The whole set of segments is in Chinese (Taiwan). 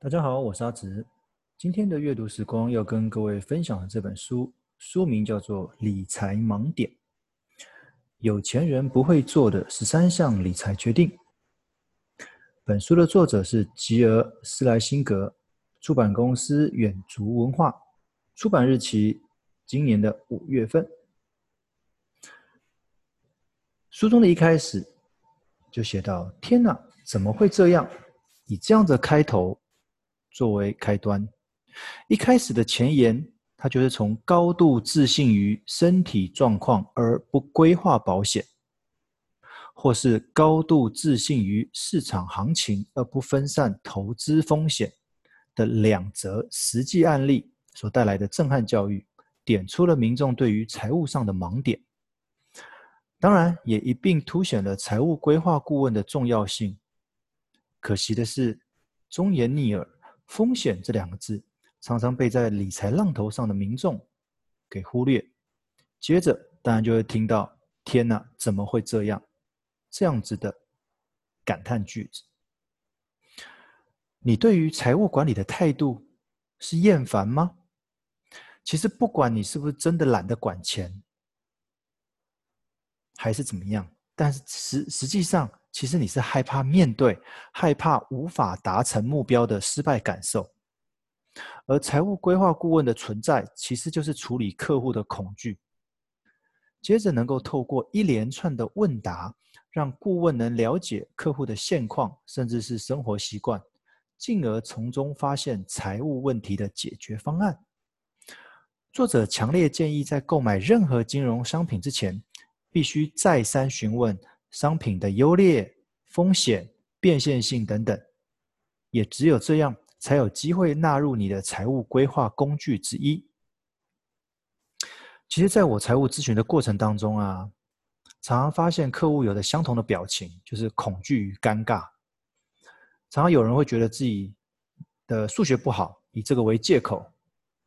大家好，我是阿直。今天的閱讀時光要跟各位分享的這本書，書名叫做《理財盲點：有錢人不會做的十三項理財決定》。本書的作者是吉爾·斯萊辛格，出版公司遠足文化，出版日期今年的五月份。書中的一開始就寫到：“天哪，怎麼會這樣？”以這樣的開頭。作為開端，一開始的前言，他就是從高度自信於身體狀況而不規劃保險，或是高度自信於市場行情而不分散投資風險的兩則實際案例所帶來的震撼教育，點出了民眾對於財務上的盲點。當然，也一併凸顯了財務規劃顧問的重要性。可惜的是，忠言逆耳。風險這兩個字，常常被在理財浪頭上的民眾給忽略。接着，當然就會聽到“天哪，怎麼會這樣？”這樣子的感嘆句子。你對於財務管理的態度是厭煩嗎？其實，不管你是不是真的懶得管錢，還是怎麼樣，但是實實際上。其實你是害怕面對、害怕無法達成目標的失敗感受，而財務規劃顧問的存在，其實就是處理客戶的恐懼。接着，能夠透過一連串的問答，讓顧問能了解客戶的現況，甚至是生活習慣，進而從中發現財務問題的解決方案。作者強烈建議，在購買任何金融商品之前，必須再三詢問。商品的優劣、風險、變現性等等，也只有這樣才有機會納入你的財務規劃工具之一。其實，在我財務諮詢的過程當中啊，常常發現客戶有的相同的表情，就是恐懼與尷尬。常常有人會覺得自己的數學不好，以這個為借口，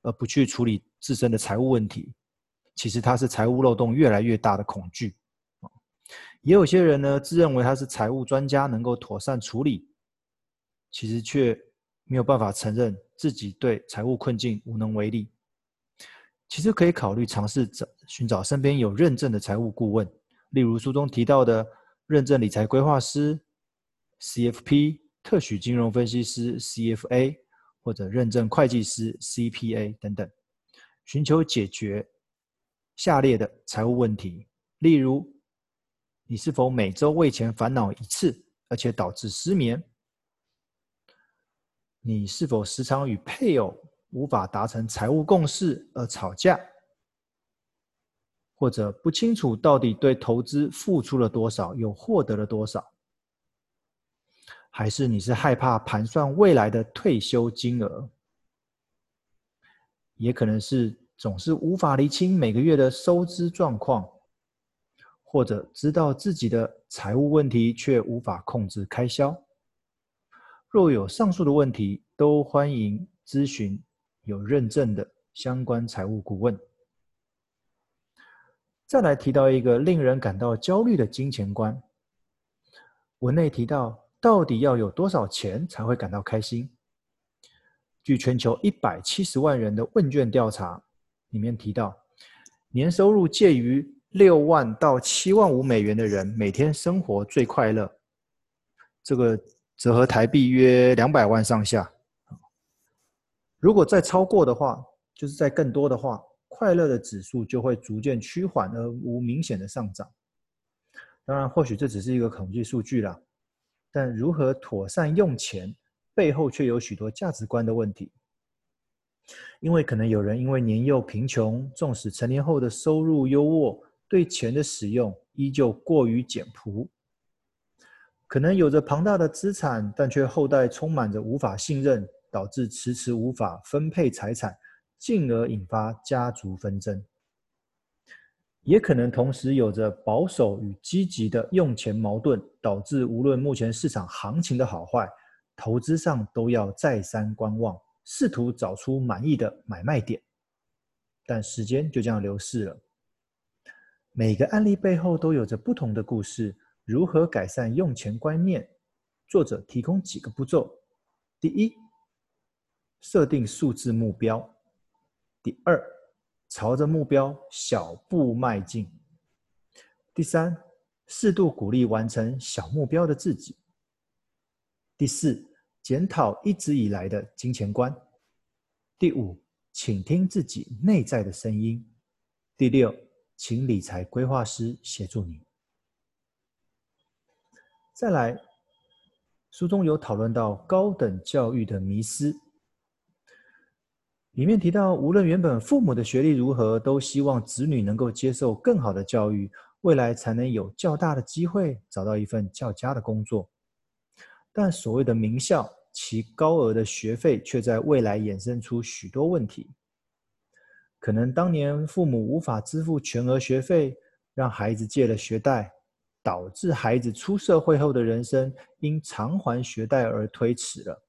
而不去處理自身的財務問題。其實，它是財務漏洞越來越大的恐懼。也有些人呢，自認為他是財務專家，能夠妥善處理，其實卻沒有辦法承認自己對財務困境無能為力。其實可以考慮嘗試著尋找身邊有認證的財務顧問，例如書中提到的認證理財規劃師 （CFP）、特許金融分析師 （CFA） 或者認證會計師 （CPA） 等等，尋求解決下列的財務問題，例如。你是否每週為錢煩惱一次，而且導致失眠？你是否時常與配偶無法達成財務共識而吵架？或者不清楚到底對投資付出了多少，又獲得了多少？還是你是害怕盤算未來的退休金額？也可能是總是無法理清每個月的收支狀況。或者知道自己的財務問題卻無法控制開銷，若有上述的問題，都歡迎諮詢有認證的相關財務顧問。再來提到一個令人感到焦慮的金錢觀，文內提到到底要有多少錢才會感到開心？據全球一百七十萬人的問卷調查，裡面提到年收入介於。六萬到七萬五美元的人每天生活最快樂，這個折合台幣約兩百萬上下。如果再超過的話，就是再更多的話，快樂的指數就會逐漸趨緩而無明顯的上漲。當然，或許這只是一個統計數據啦。但如何妥善用錢，背後卻有許多價值觀的問題。因為可能有人因為年幼貧窮，縱使成年後的收入優渥。對錢的使用依舊過於簡樸，可能有着龐大的資產，但卻後代充滿着無法信任，導致遲遲無法分配財產，進而引發家族紛爭。也可能同時有着保守與積極的用錢矛盾，導致無論目前市場行情的好壞，投資上都要再三觀望，試圖找出滿意的買賣點。但時間就這樣流逝了。每個案例背後都有着不同的故事。如何改善用錢觀念？作者提供幾個步驟：第一，設定數字目標；第二，朝着目標小步邁進；第三，適度鼓勵完成小目標的自己；第四，檢討一直以來的金錢觀；第五，傾聽自己內在的聲音；第六，請理財規劃師協助你。再來，書中有討論到高等教育的迷思。裡面提到，無論原本父母的學歷如何，都希望子女能夠接受更好的教育，未來才能有較大的機會找到一份較佳的工作。但所謂的名校，其高額的學費卻在未來衍生出許多問題。可能當年父母無法支付全額學費，讓孩子借了學貸，導致孩子出社會後的人生因償還學貸而推遲了。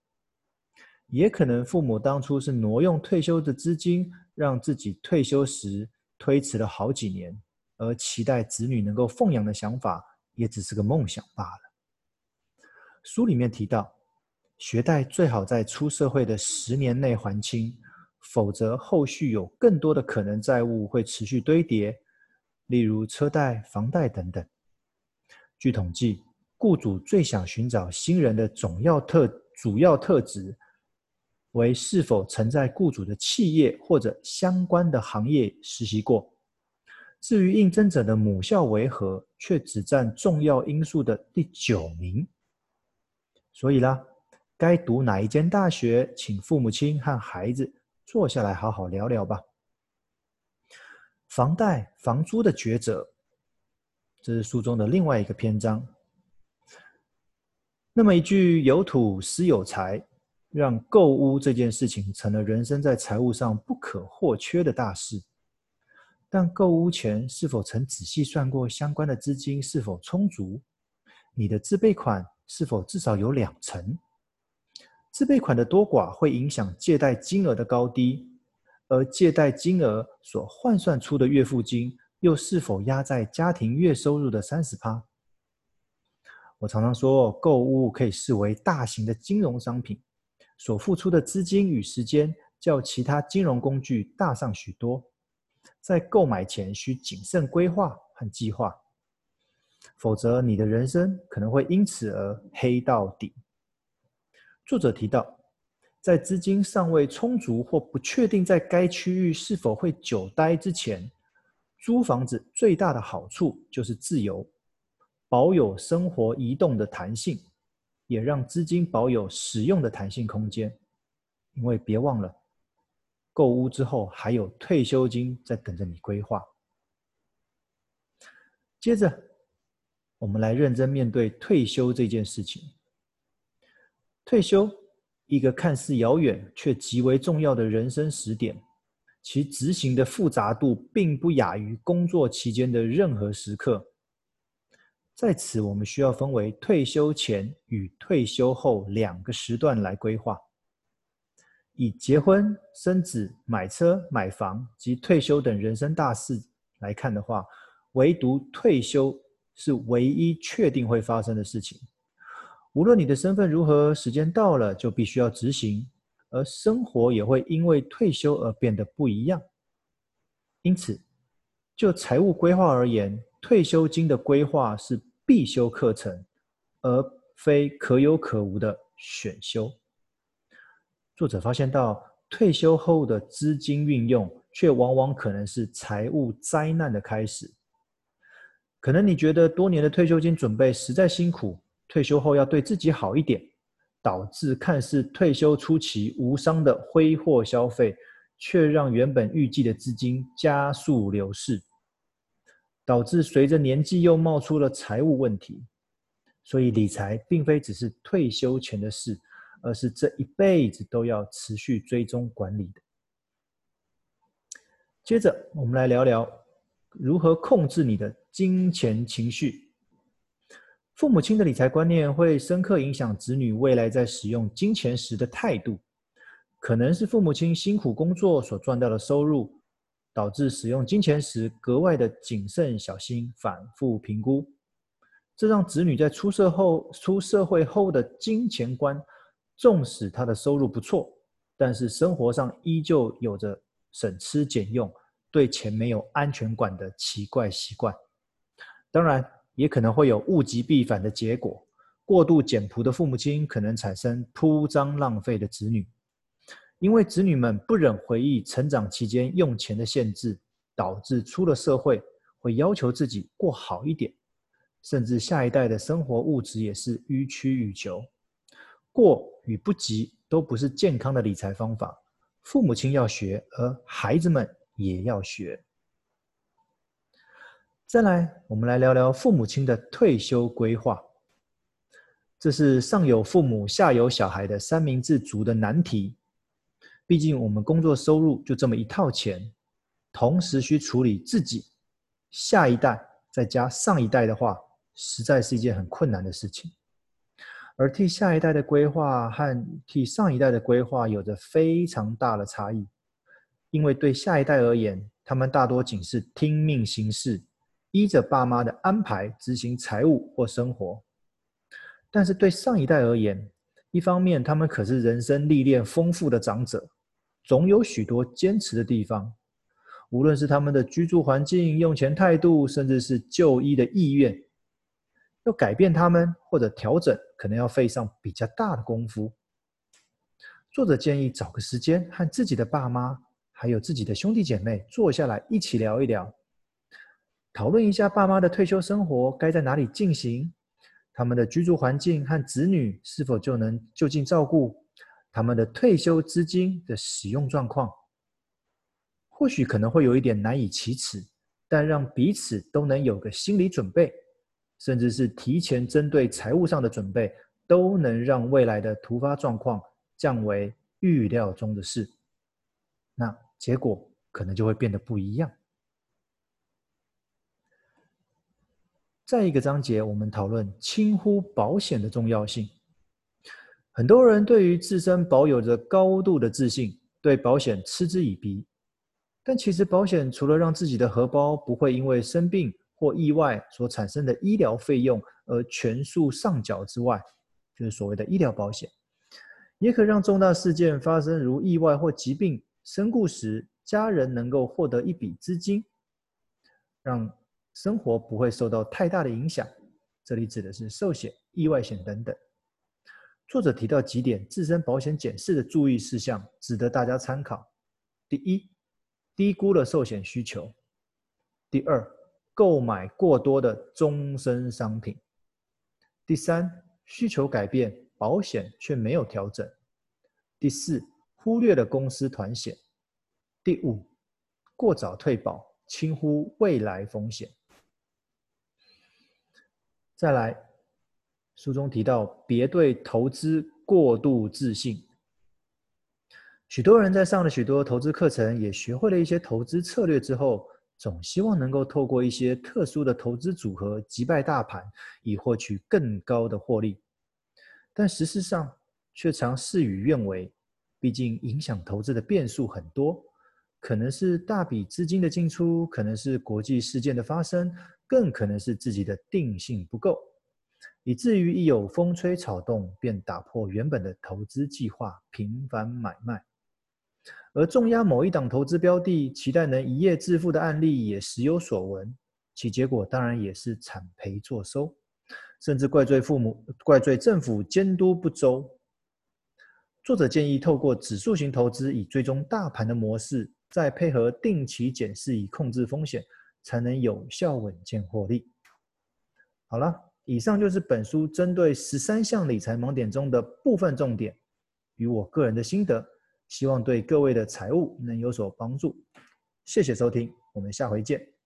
也可能父母當初是挪用退休的資金，讓自己退休時推遲了好幾年，而期待子女能夠奉養的想法也只是個夢想罷了。書裡面提到，學貸最好在出社會的十年內還清。否則，後續有更多的可能，債務會持續堆疊，例如車貸、房貸等等。據統計，僱主最想尋找新人的總要特主要特質為是否曾在僱主的企業或者相關的行業實習過。至於應徵者的母校為何，卻只占重要因素的第九名。所以啦，該讀哪一間大學，請父母親和孩子。坐下來好好聊聊吧。房貸、房租的抉擇，這是書中的另外一個篇章。那麼一句“有土斯有財”，讓購屋這件事情成了人生在財務上不可或缺的大事。但購屋前是否曾仔細算過相關的資金是否充足？你的自備款是否至少有兩成？自備款的多寡會影響借貸金額的高低，而借貸金額所換算出的月付金又是否壓在家庭月收入的三十趴？我常常說，購物可以視為大型的金融商品，所付出的資金與時間較其他金融工具大上許多，在購買前需謹慎規劃和計劃，否則你的人生可能會因此而黑到底。作者提到，在資金尚未充足或不確定在該區域是否會久待之前，租房子最大的好處就是自由，保有生活移動的彈性，也讓資金保有使用的彈性空間。因為別忘了，購屋之後還有退休金在等着你規劃。接着，我們來認真面對退休這件事情。退休，一個看似遙遠卻極為重要的人生時點，其執行的複雜度並不亞於工作期間的任何時刻。在此，我們需要分為退休前與退休後兩個時段來規劃。以結婚、生子、買車、買房及退休等人生大事來看的話，唯獨退休是唯一確定會發生的事情。無論你的身份如何，時間到了就必須要執行，而生活也會因為退休而變得不一樣。因此，就財務規劃而言，退休金的規劃是必修課程，而非可有可無的選修。作者發現到，退休後的資金運用卻往往可能是財務災難的開始。可能你覺得多年的退休金準備實在辛苦。退休後要對自己好一點，導致看似退休初期無傷的揮霍消費，卻讓原本預計的資金加速流失，導致隨着年紀又冒出了財務問題。所以理財並非只是退休前的事，而是這一輩子都要持續追蹤管理的。接着，我們來聊聊如何控制你的金錢情緒。父母親的理財觀念會深刻影響子女未來在使用金錢時的態度，可能是父母親辛苦工作所賺到的收入，導致使用金錢時格外的謹慎小心，反復評估。這讓子女在出社後出社會後的金錢觀，縱使他的收入不錯，但是生活上依舊有着省吃儉用、對錢沒有安全感的奇怪習慣。當然。也可能會有物極必反的結果。過度簡樸的父母親，可能產生鋪張浪費的子女，因為子女們不忍回憶成長期間用錢的限制，導致出了社會，會會要求自己過好一點，甚至下一代的生活物質也是予取予求。過與不及都不是健康的理財方法，父母親要學，而孩子們也要學。再來，我們來聊聊父母親的退休規劃。這是上有父母、下有小孩的三明治族的難題。畢竟我們工作收入就這麼一套錢，同時需處理自己、下一代，再加上一代的話，實在是一件很困難的事情。而替下一代的規劃和替上一代的規劃有着非常大的差異，因為對下一代而言，他們大多僅是聽命行事。依着爸媽的安排執行財務或生活，但是對上一代而言，一方面他們可是人生歷練豐富的長者，總有許多堅持的地方。無論是他們的居住環境、用錢態度，甚至是就醫的意願，要改變他們或者調整，可能要費上比較大的功夫。作者建議找個時間和自己的爸媽，還有自己的兄弟姐妹坐下來一起聊一聊。討論一下爸媽的退休生活該在哪裡進行，他們的居住環境和子女是否就能就近照顧，他們的退休資金的使用狀況。或許可能會有一點難以啟齒，但讓彼此都能有個心理準備，甚至是提前針對財務上的準備，都能讓未來的突發狀況降為預料中的事，那結果可能就會變得不一樣。再一個章節，我們討論輕忽保險的重要性。很多人對於自身保有着高度的自信，對保險嗤之以鼻。但其實，保險除了讓自己的荷包不會因為生病或意外所產生的醫療費用而全數上繳之外，就是所謂的醫療保險，也可讓重大事件發生，如意外或疾病身故時，家人能夠獲得一筆資金，讓生活不會受到太大的影響，這裡指的是壽險、意外險等等。作者提到幾點自身保險檢視的注意事項，值得大家參考：第一，低估了壽險需求；第二，購買過多的終身商品；第三，需求改變，保險卻沒有調整；第四，忽略了公司團險；第五，過早退保，輕忽未來風險。再來，書中提到，別對投資過度自信。許多人在上了許多投資課程，也學會了一些投資策略之後，總希望能夠透過一些特殊的投資組合擊敗大盤，以獲取更高的獲利。但事實上，卻常事與願違。畢竟，影響投資的變數很多，可能是大筆資金的進出，可能是國際事件的發生。更可能是自己的定性不夠，以至於一有風吹草動便打破原本的投資計劃，頻繁買賣。而重壓某一檔投資標的，期待能一夜致富的案例也時有所聞，其結果當然也是慘賠作收，甚至怪罪父母、怪罪政府監督不周。作者建議透過指數型投資以追蹤大盤的模式，再配合定期檢視以控制風險。才能有效穩健獲利。好了，以上就是本書針對十三項理財盲點中的部分重點，與我個人的心得，希望對各位的財務能有所幫助。謝謝收聽，我們下回見。